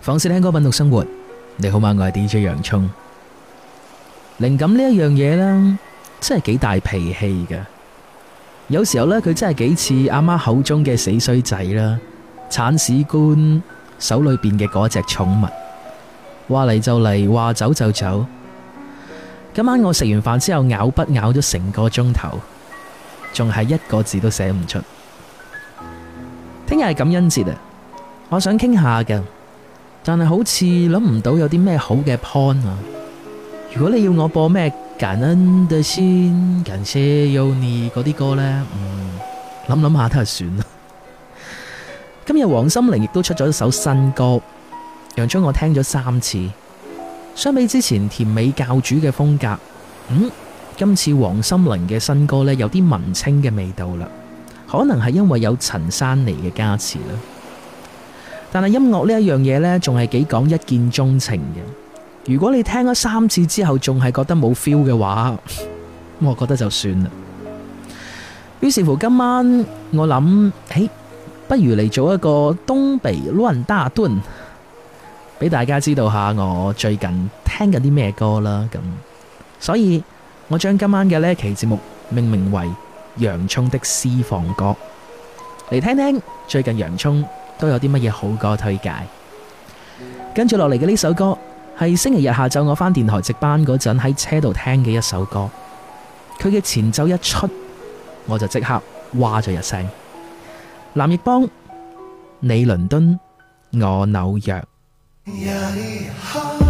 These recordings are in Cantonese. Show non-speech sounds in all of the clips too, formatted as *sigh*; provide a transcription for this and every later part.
放肆聽歌，品讀生活。你好嗎？我係 DJ 洋蔥。靈感呢一樣嘢啦，真係幾大脾氣噶。有時候呢，佢真係幾似阿媽口中嘅死衰仔啦，鏟屎官手裏邊嘅嗰隻寵物，話嚟就嚟，話走就走。今晚我食完飯之後咬筆咬咗成個鐘頭，仲係一個字都寫唔出。聽日係感恩節啊，我想傾下噶。但係好似諗唔到有啲咩好嘅 point 啊！如果你要我播咩 Ganderson、g i a n s e u n 嗰啲歌呢？嗯，諗諗下都係算啦。 *laughs* 今日王心凌亦都出咗一首新歌，楊春我聽咗三次。相比之前甜美教主嘅風格，嗯，今次王心凌嘅新歌呢，有啲文青嘅味道啦，可能係因為有陳珊妮嘅加持啦。但係音樂呢一樣嘢呢，仲係幾講一見鍾情嘅。如果你聽咗三次之後仲係覺得冇 feel 嘅話，我覺得就算啦。於是乎，今晚我諗，誒，不如嚟做一個東北亂燉，俾大家知道下我最近聽緊啲咩歌啦。咁，所以我將今晚嘅呢期節目命名為《洋葱的私房歌》，嚟聽聽最近洋葱，都有啲乜嘢好歌推介？跟住落嚟嘅呢首歌，係星期日下晝我翻電台值班嗰陣喺車度聽嘅一首歌。佢嘅前奏一出，我就即刻哇咗一聲。藍奕邦，你倫敦，我紐約。 *music*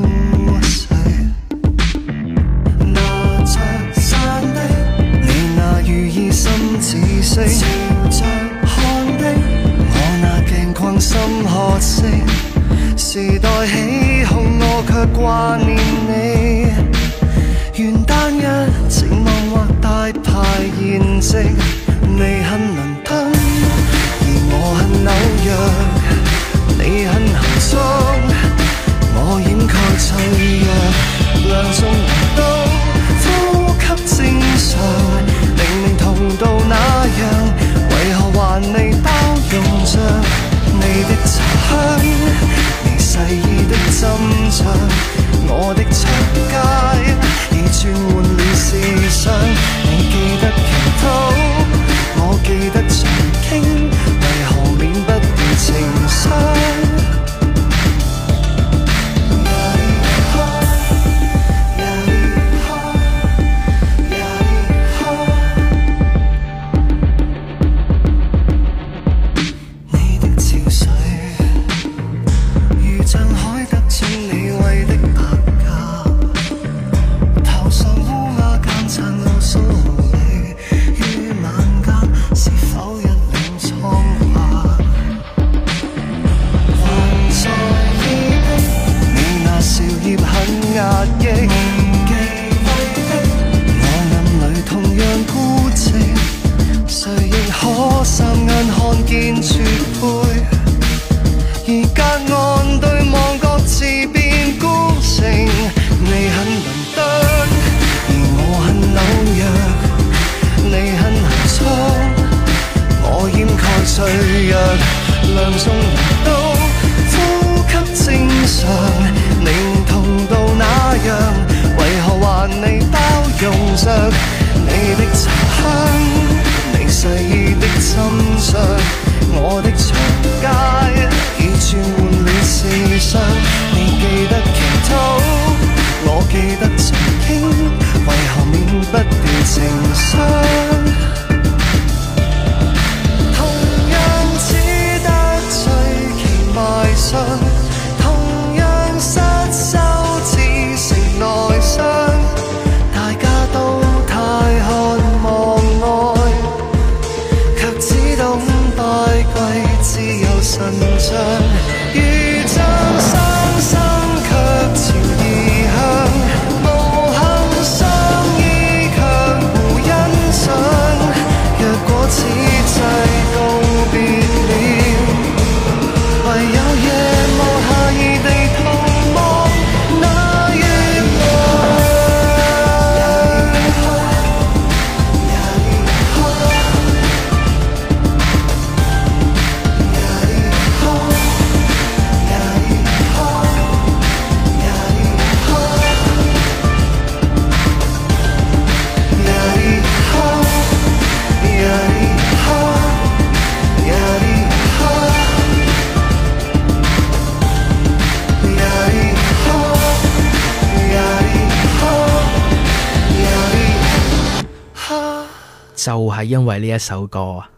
因為呢一首歌啊，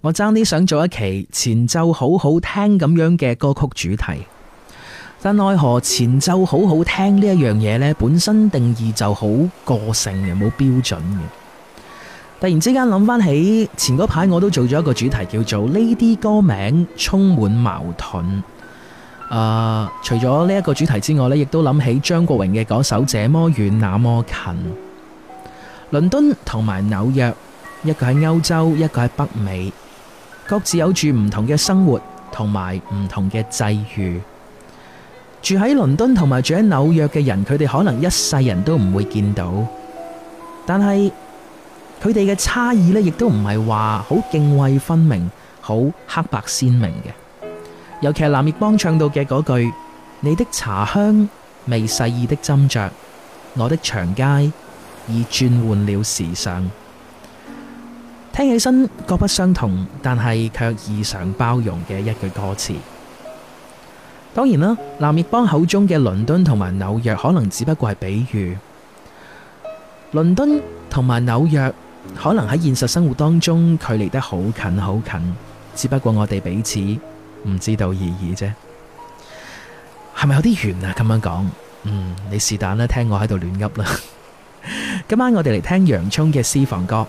我爭啲想做一期前奏好好聽咁樣嘅歌曲主題，但奈何前奏好好聽呢一樣嘢咧，本身定義就好個性又冇標準嘅。突然之間諗翻起前嗰排，我都做咗一個主題，叫做呢啲歌名充滿矛盾。啊、呃，除咗呢一個主題之外呢，亦都諗起張國榮嘅嗰首《這麼遠那麼近》，倫敦同埋紐約。一個喺歐洲，一個喺北美，各自有住唔同嘅生活同埋唔同嘅際遇。住喺倫敦同埋住喺紐約嘅人，佢哋可能一世人都唔會見到。但係佢哋嘅差異呢，亦都唔係話好涇渭分明、好黑白鮮明嘅。尤其係藍奕邦唱到嘅嗰句：你的茶香未細意的斟酌，我的長街已轉換了時尚。聽起身各不相同，但係卻異常包容嘅一句歌詞。當然啦，藍奕邦口中嘅倫敦同埋紐約可能只不過係比喻。倫敦同埋紐約可能喺現實生活當中距離得好近好近，只不過我哋彼此唔知道而已啫。係咪有啲遠啊？咁樣講，嗯，你是但啦，聽我喺度亂噏啦。今晚我哋嚟聽洋蔥嘅私房歌。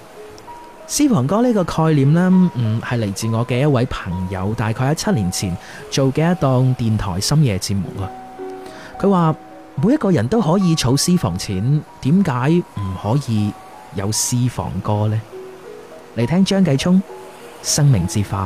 私房歌呢個概念呢，嗯，係嚟自我嘅一位朋友，大概喺七年前做嘅一檔電台深夜節目啊。佢話每一個人都可以儲私房錢，點解唔可以有私房歌呢？嚟聽張繼聰《生命之花》。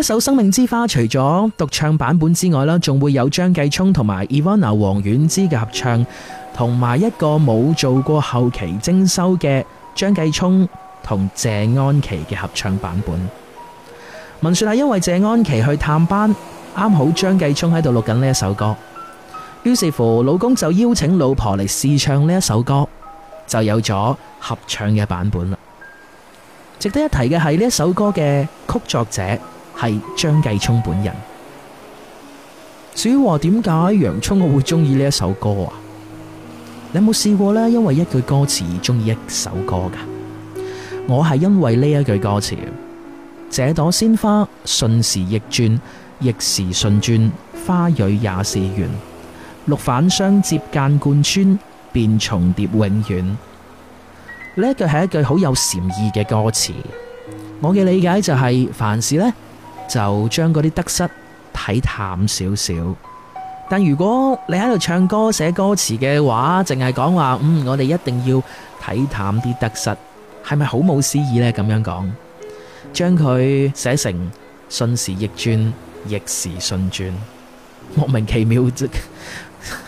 一首生命之花，除咗獨唱版本之外啦，仲會有張繼聰同埋 Ivana 王菀之嘅合唱，同埋一個冇做過後期精修嘅張繼聰同謝安琪嘅合唱版本。聞說係因為謝安琪去探班，啱好張繼聰喺度錄緊呢一首歌，於是乎老公就邀請老婆嚟試唱呢一首歌，就有咗合唱嘅版本啦。值得一提嘅係呢一首歌嘅曲作者。係張繼聰本人。主要話點解洋蔥我會中意呢一首歌啊？你有冇試過呢？因為一句歌詞而中意一首歌噶？我係因為呢一句歌詞：這朵鮮花瞬時逆轉，逆時順轉，花蕊也是圓；六反相接間貫穿，便重疊永遠。呢一句係一句好有禪意嘅歌詞。我嘅理解就係、是、凡事呢。就將嗰啲得失睇淡少少，但如果你喺度唱歌寫歌詞嘅話，淨係講話，嗯，我哋一定要睇淡啲得失，係咪好冇詩意呢？咁樣講，將佢寫成順時逆轉，逆時順轉，莫名其妙，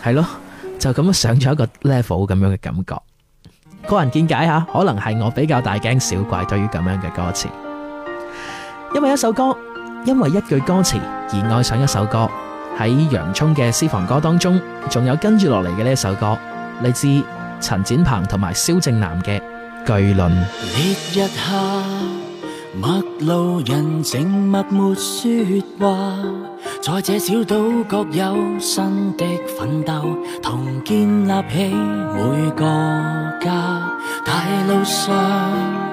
係 *laughs* 咯，就咁樣上咗一個 level 咁樣嘅感覺。個人見解吓，可能係我比較大驚小怪對於咁樣嘅歌詞，因為一首歌。因為一句歌詞而愛上一首歌，喺洋蔥嘅私房歌當中，仲有跟住落嚟嘅呢一首歌，嚟自陳展鵬同埋蕭正楠嘅《巨輪》。烈日下，陌路人靜默沒說話，在這小島各有新的奮鬥，同建立起每個家，大路上。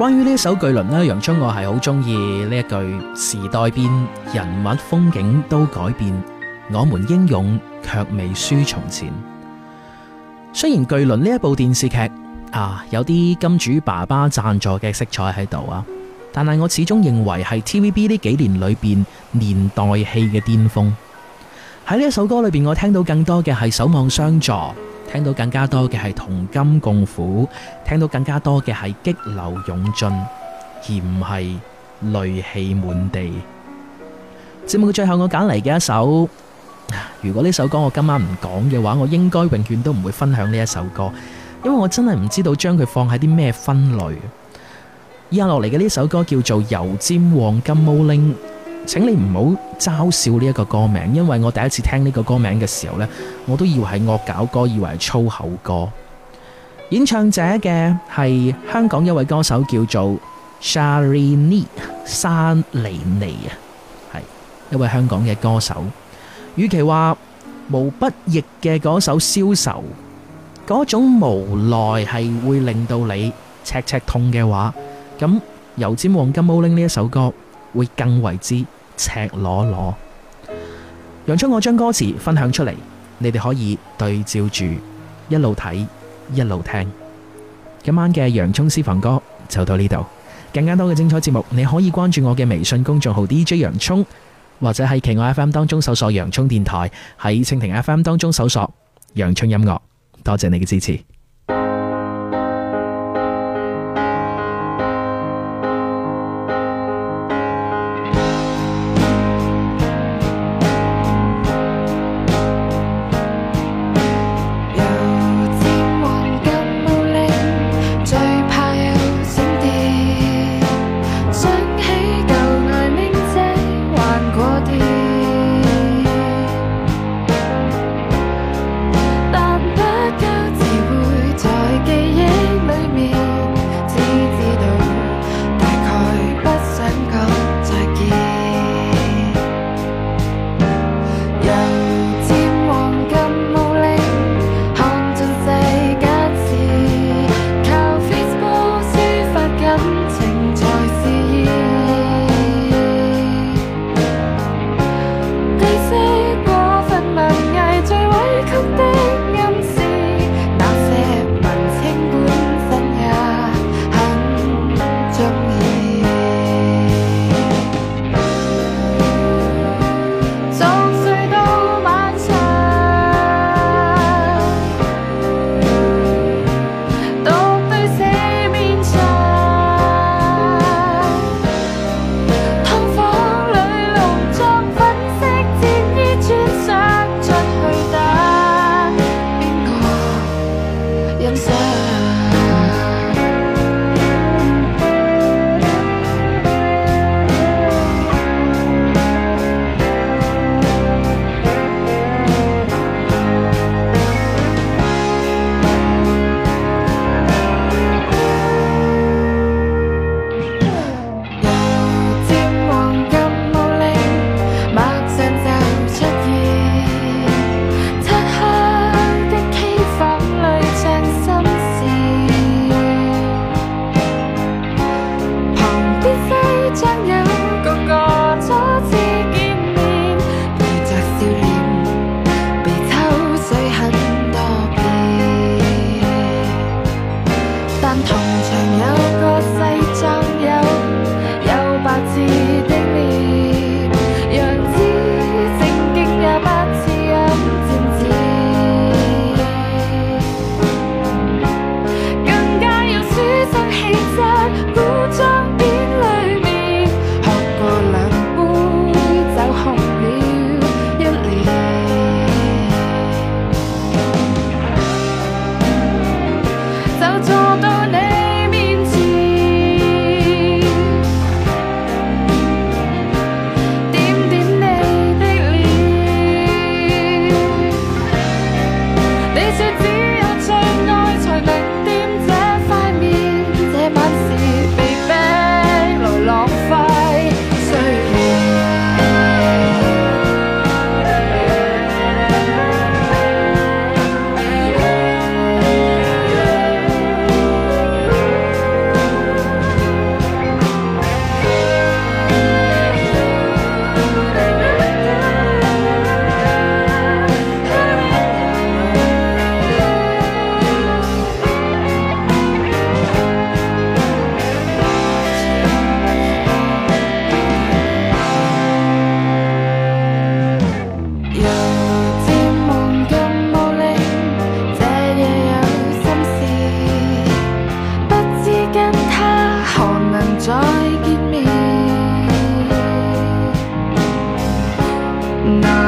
關於呢一首《巨輪》呢，楊千嬅係好中意呢一句：時代變，人物風景都改變，我們英勇卻未輸從前。雖然《巨輪》呢一部電視劇啊，有啲金主爸爸贊助嘅色彩喺度啊，但係我始終認為係 TVB 呢幾年裏邊年代戲嘅巔峰。喺呢一首歌裏邊，我聽到更多嘅係守望相助。聽到更加多嘅係同甘共苦，聽到更加多嘅係激流勇進，而唔係淚氣滿地。節目嘅最後，我揀嚟嘅一首。如果呢首歌我今晚唔講嘅話，我應該永遠都唔會分享呢一首歌，因為我真係唔知道將佢放喺啲咩分類。以下落嚟嘅呢首歌叫做《油尖旺金毛玲 o 請你唔好嘲笑呢一個歌名，因為我第一次聽呢個歌名嘅時候呢，我都以為係惡搞歌，以為係粗口歌。演唱者嘅係香港一位歌手叫做 Sharnie 山妮妮啊，係一位香港嘅歌手。與其話毛不易嘅嗰首《消愁》，嗰種無奈係會令到你赤赤痛嘅話，咁《油尖旺金毛玲》呢一首歌會更為之。赤裸裸。洋葱，我將歌詞分享出嚟，你哋可以對照住一路睇一路聽。今晚嘅洋葱私房歌就到呢度。更加多嘅精彩節目，你可以關注我嘅微信公眾號 DJ 洋葱，或者喺企鵝 FM 當中搜索洋葱電台，喺蜻蜓 FM 當中搜索洋葱音樂。多謝你嘅支持。